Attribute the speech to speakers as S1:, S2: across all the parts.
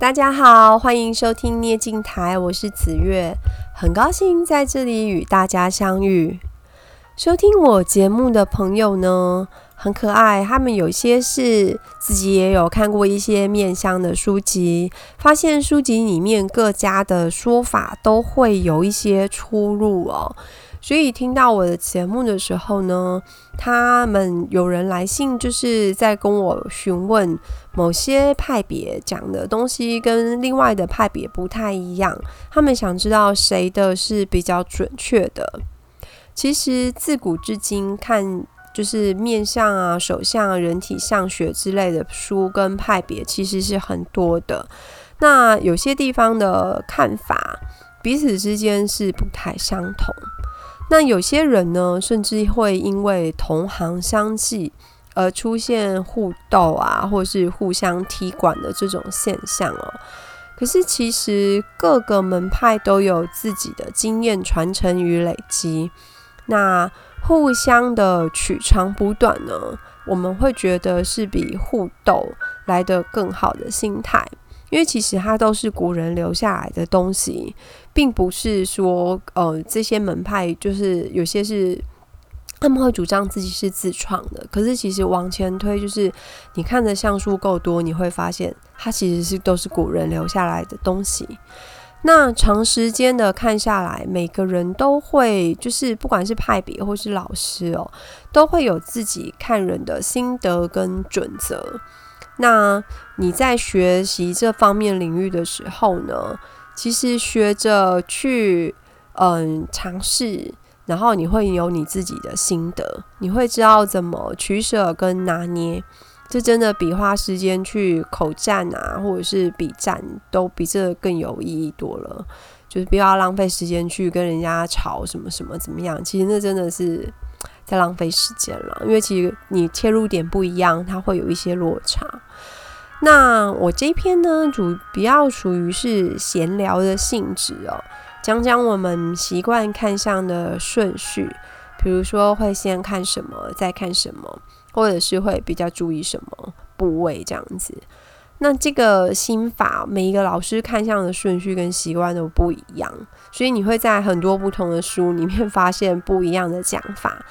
S1: 大家好，歡迎收聽聶鏡台，我是紫玥，很高興在這裡與大家相遇。收聽我節目的朋友呢，很可愛，他們有些是自己也有看過一些面相的書籍，發現書籍裡面各家的說法都會有一些出入哦。所以聽到我的節目的時候呢，他們有人來信，就是在跟我詢問某些派別講的東西跟另外的派別不太一樣，他們想知道誰的是比較準確的。其實自古至今看。就是面相啊、手相啊、人體相學之類的書跟派別，其實是很多的。那有些地方的看法彼此之間是不太相同。那有些人呢，甚至會因為同行相忌而出現互鬥啊，或是互相踢館的這種現象哦、喔。可是其實各個門派都有自己的經驗傳承與累積，那。互相的取長補短呢，我們會覺得是比互鬥來得更好的心態，因為其實它都是古人留下來的東西，並不是說呃這些門派就是有些是他們會主張自己是自創的，可是其實往前推，就是你看的相書夠多，你會發現它其實是都是古人留下來的東西。那長時間的看下來，每個人都會，就是不管是派別或是老師哦，都會有自己看人的心得跟準則。那你在學習這方面領域的時候呢，其實學着去嗯，嘗試，然後你會有你自己的心得，你會知道怎麼取捨跟拿捏。這真的比花時間去口戰啊，或者是筆戰，都比這更有意義多了。就是不要浪費時間去跟人家吵什麼什麼怎麼樣，其實那真的是在浪費時間了。因為其實你切入點不一樣，它會有一些落差。那我這篇呢，主比較屬於是閒聊的性質哦，講講我們習慣看相的順序，比如說會先看什麼，再看什麼。或者是會比較注意什麼部位這樣子，那這個心法，每一個老師看相的順序跟習慣都不一樣，所以你會在很多不同的書裡面發現不一樣的講法。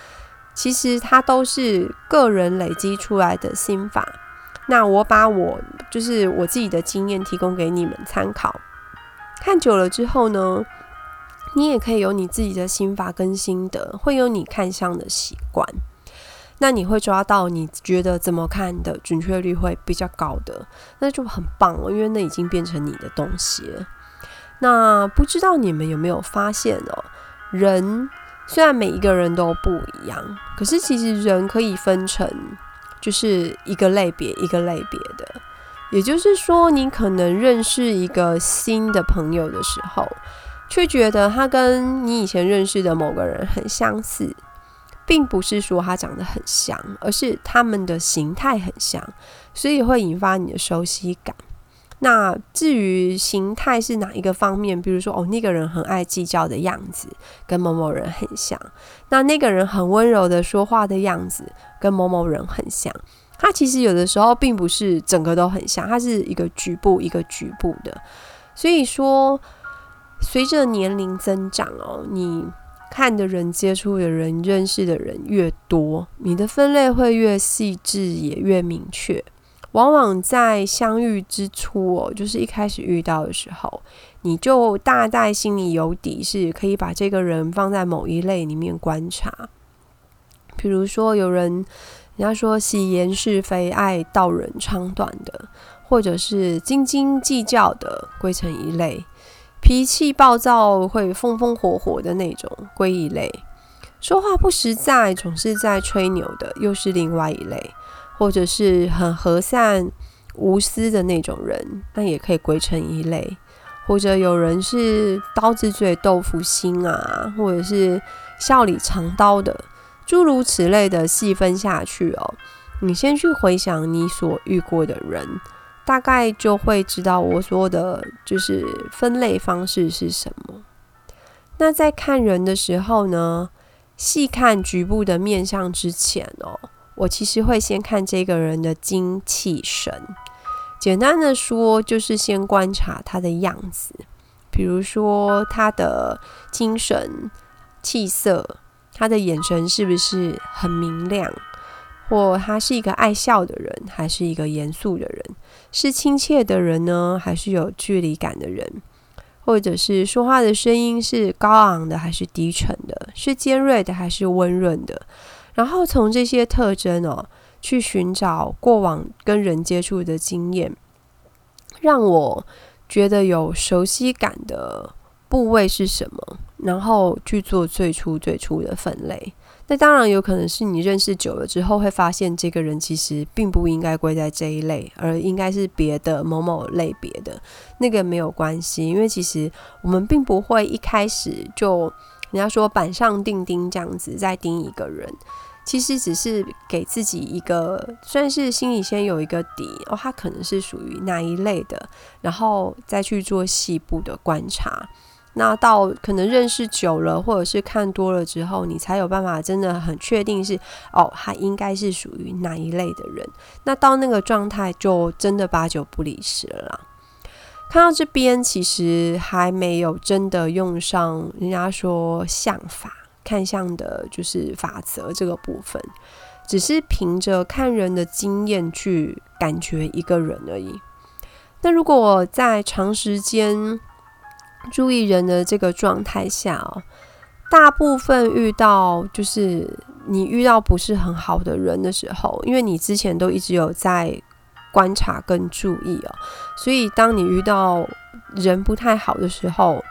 S1: 其實它都是個人累積出來的心法。那我把我就是我自己的經驗提供給你們參考。看久了之後呢，你也可以有你自己的心法跟心得，會有你看相的習慣。那你會抓到，你覺得怎麼看的準確率會比較高的，那就很棒了。因為那已經變成你的東西了。那不知道你們有沒有發現哦？人雖然每一個人都不一樣，可是其實人可以分成就是一個類別一個類別的。也就是說，你可能認識一個新的朋友的時候，卻覺得他跟你以前認識的某個人很相似。並不是說他長得很像，而是他們的形態很像，所以會引發你的熟悉感。那至於形態是哪一個方面，比如說哦，那個人很愛計較的樣子跟某某人很像，那那個人很溫柔的說話的樣子跟某某人很像，他其實有的時候並不是整個都很像，他是一個局部一個局部的。所以說，隨着年齡增長哦，你。看的人、接觸的人、認識的人越多，你的分類會越細緻，也越明確。往往在相遇之初哦，就是一開始遇到的時候，你就大概心裡有底，是可以把這個人放在某一類裡面觀察。比如說，有人人家說喜言是非、愛道人長短的，或者是斤斤計較的，歸成一類。脾氣暴躁、會風風火火的那種歸一類；說話不實在、總是在吹牛的又是另外一類；或者是很和善、無私的那種人，那也可以歸成一類；或者有人是刀子嘴豆腐心啊，或者是笑裡藏刀的，諸如此類的細分下去哦。你先去回想你所遇過的人。大概就會知道我說的，就是分類方式是什麼。那在看人的時候呢，細看局部的面相之前哦，我其實會先看這個人的精氣神。簡單的說，就是先觀察他的樣子，比如說他的精神、氣色，他的眼神是不是很明亮。或他是一個愛笑的人，還是一個嚴肅的人？是親切的人呢，還是有距離感的人？或者是說話的聲音是高昂的，還是低沉的？是尖銳的，還是溫潤的？然後從這些特徵哦，去尋找過往跟人接觸的經驗，讓我覺得有熟悉感的部位是什麼？然後去做最初最初的分類。那當然有可能是你認識久了之後會發現，這個人其實並不應該歸在這一類，而應該是別的某某類別的。那個沒有關係，因為其實我們並不會一開始就人家說板上釘釘這樣子再釘一個人，其實只是給自己一個算是心裡先有一個底哦，他可能是屬於哪一類的，然後再去做細部的觀察。那到，可能認識久了，或者是看多了之後，你才有辦法真的很確定是，哦，他應該是屬於哪一類的人。那到那個狀態，就真的八九不離十了。看到這邊，其實還沒有真的用上人家說相法看相的，就是法則這個部分，只是憑着看人的經驗去感覺一個人而已。那如果我在長時間。注意人的這個狀態下哦，大部分遇到就是你遇到不是很好的人的時候，因為你之前都一直有在觀察跟注意哦，所以當你遇到人不太好的時候，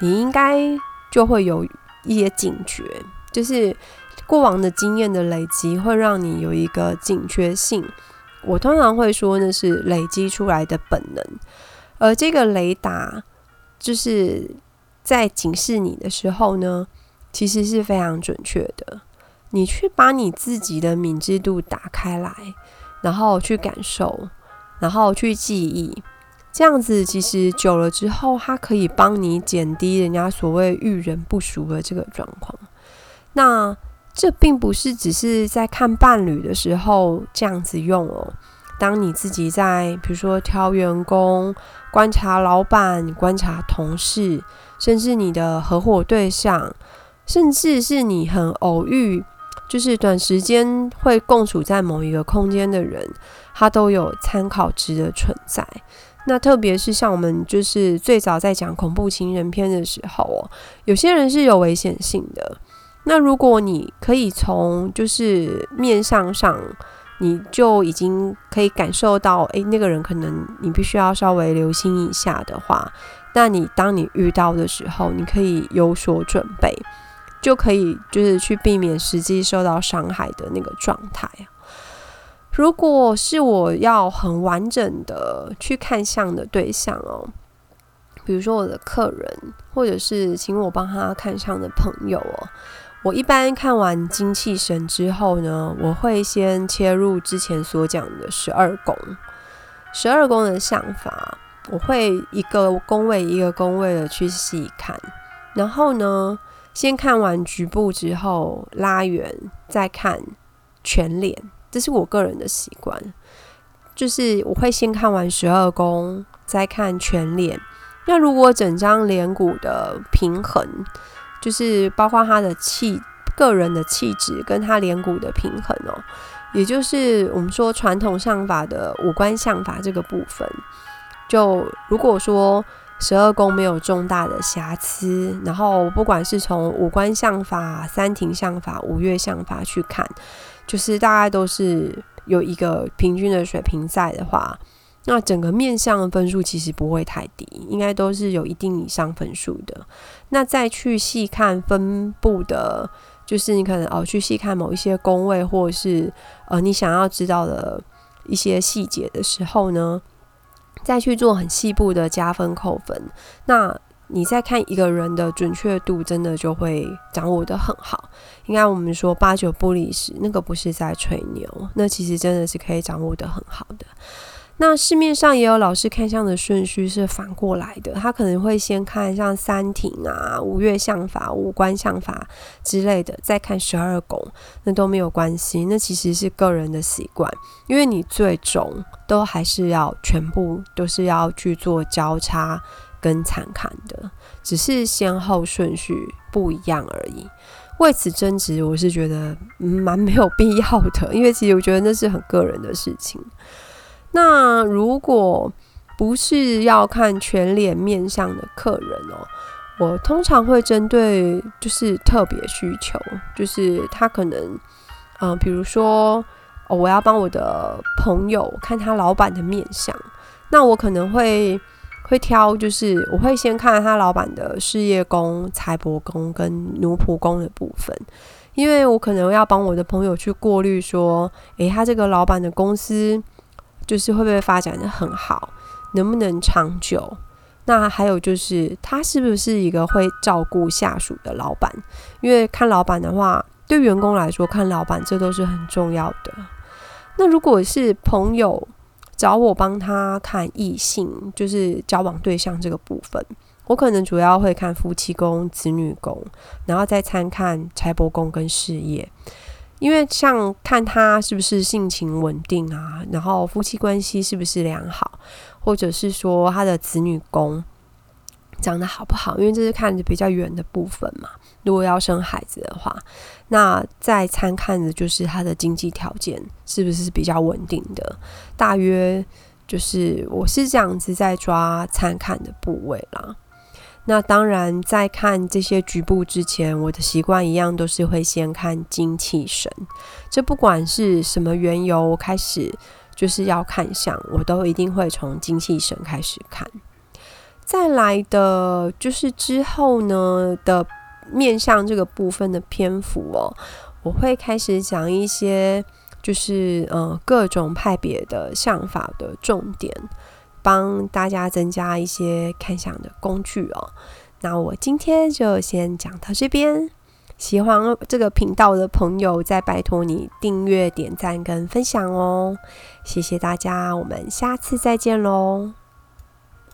S1: 你應該就會有一些警覺，就是過往的經驗的累積會讓你有一個警覺性。我通常會說呢，是累積出來的本能，而這個雷達。就是在警示你的時候呢，其實是非常準確的。你去把你自己的敏智度打開來，然後去感受，然後去記憶，這樣子其實久了之後，它可以幫你減低人家所謂遇人不淑的這個狀況。那這並不是只是在看伴侶的時候這樣子用哦。當你自己在，比如說挑員工、觀察老板、觀察同事，甚至你的合夥對象，甚至是你很偶遇，就是短時間會共處在某一個空間的人，他都有參考值的存在。那特別是像我們就是最早在講恐怖情人片的時候哦，有些人是有危險性的。那如果你可以從就是面相上。你就已經可以感受到，誒，那個人可能你必須要稍微留心一下的話，那你當你遇到的時候，你可以有所準備，就可以就是去避免實際受到傷害的那個狀態。如果是我要很完整的去看相的對象哦，比如說我的客人，或者是請我幫他看相的朋友哦。我一般看完精氣神之後呢，我會先切入之前所講的十二宮，十二宮的想法，我會一個宮位一個宮位的去細看，然後呢，先看完局部之後，拉遠，再看全臉，這是我個人的習慣，就是我會先看完十二宮，再看全臉，那如果整張臉骨的平衡。就是包括他的氣、個人的氣質跟他臉骨的平衡哦、喔，也就是我們說傳統相法的五官相法這個部分。就如果說十二宮沒有重大的瑕疵，然後不管是從五官相法、三庭相法、五岳相法去看，就是大概都是有一個平均的水平在的話。那整個面相的分數其實不會太低，應該都是有一定以上分數的。那再去細看分布的，就是你可能哦，去細看某一些宮位，或者是呃，你想要知道的一些細節的時候呢，再去做很細部的加分扣分。那你再看一個人的準確度，真的就會掌握得很好。應該我們說八九不離十，那個不是在吹牛，那其實真的是可以掌握得很好的。那市面上也有老師看相的順序是反過來的，他可能會先看像三庭啊、五岳相法、五官相法之類的，再看十二宮，那都沒有關係。那其實是個人的習慣，因為你最終都還是要全部都是要去做交叉跟參看的，只是先後順序不一樣而已。為此爭執，我是覺得蠻沒有必要的，因為其實我覺得那是很個人的事情。那如果不是要看全臉面相的客人哦，我通常會針對就是特別需求，就是他可能，嗯，呃，比如說，哦，我要幫我的朋友看他老闆的面相，那我可能會會挑，就是我會先看他老闆的事業宮、財帛宮跟奴僕宮的部分，因為我可能要幫我的朋友去過濾說，誒，他這個老闆的公司。就是會不會發展得很好，能不能長久？那還有就是他是不是一個會照顧下屬的老闆？因為看老闆的話，對員工來說，看老闆這都是很重要的。那如果是朋友找我幫他看異性，就是交往對象這個部分，我可能主要會看夫妻宮、子女宮，然後再參看財帛宮跟事業。因為像看他是不是性情穩定啊，然後夫妻關係是不是良好，或者是說他的子女宮長得好不好？因為這是看着比較遠的部分嘛。如果要生孩子的話，那再參看的就是他的經濟條件是不是比較穩定的。大約就是我是這樣子在抓參看的部位啦。那當然，在看這些局部之前，我的習慣一樣都是會先看精氣神。這不管是什麼緣由，我開始就是要看相，我都一定會從精氣神開始看。再來的就是之後呢的面相這個部分的篇幅哦，我會開始講一些，就是呃各種派別的相法的重點。幫大家增加一些看相的工具哦。那我今天就先講到這邊。喜歡這個頻道的朋友，再拜托你訂閱、點讚跟分享哦。謝謝大家，我們下次再見嘍。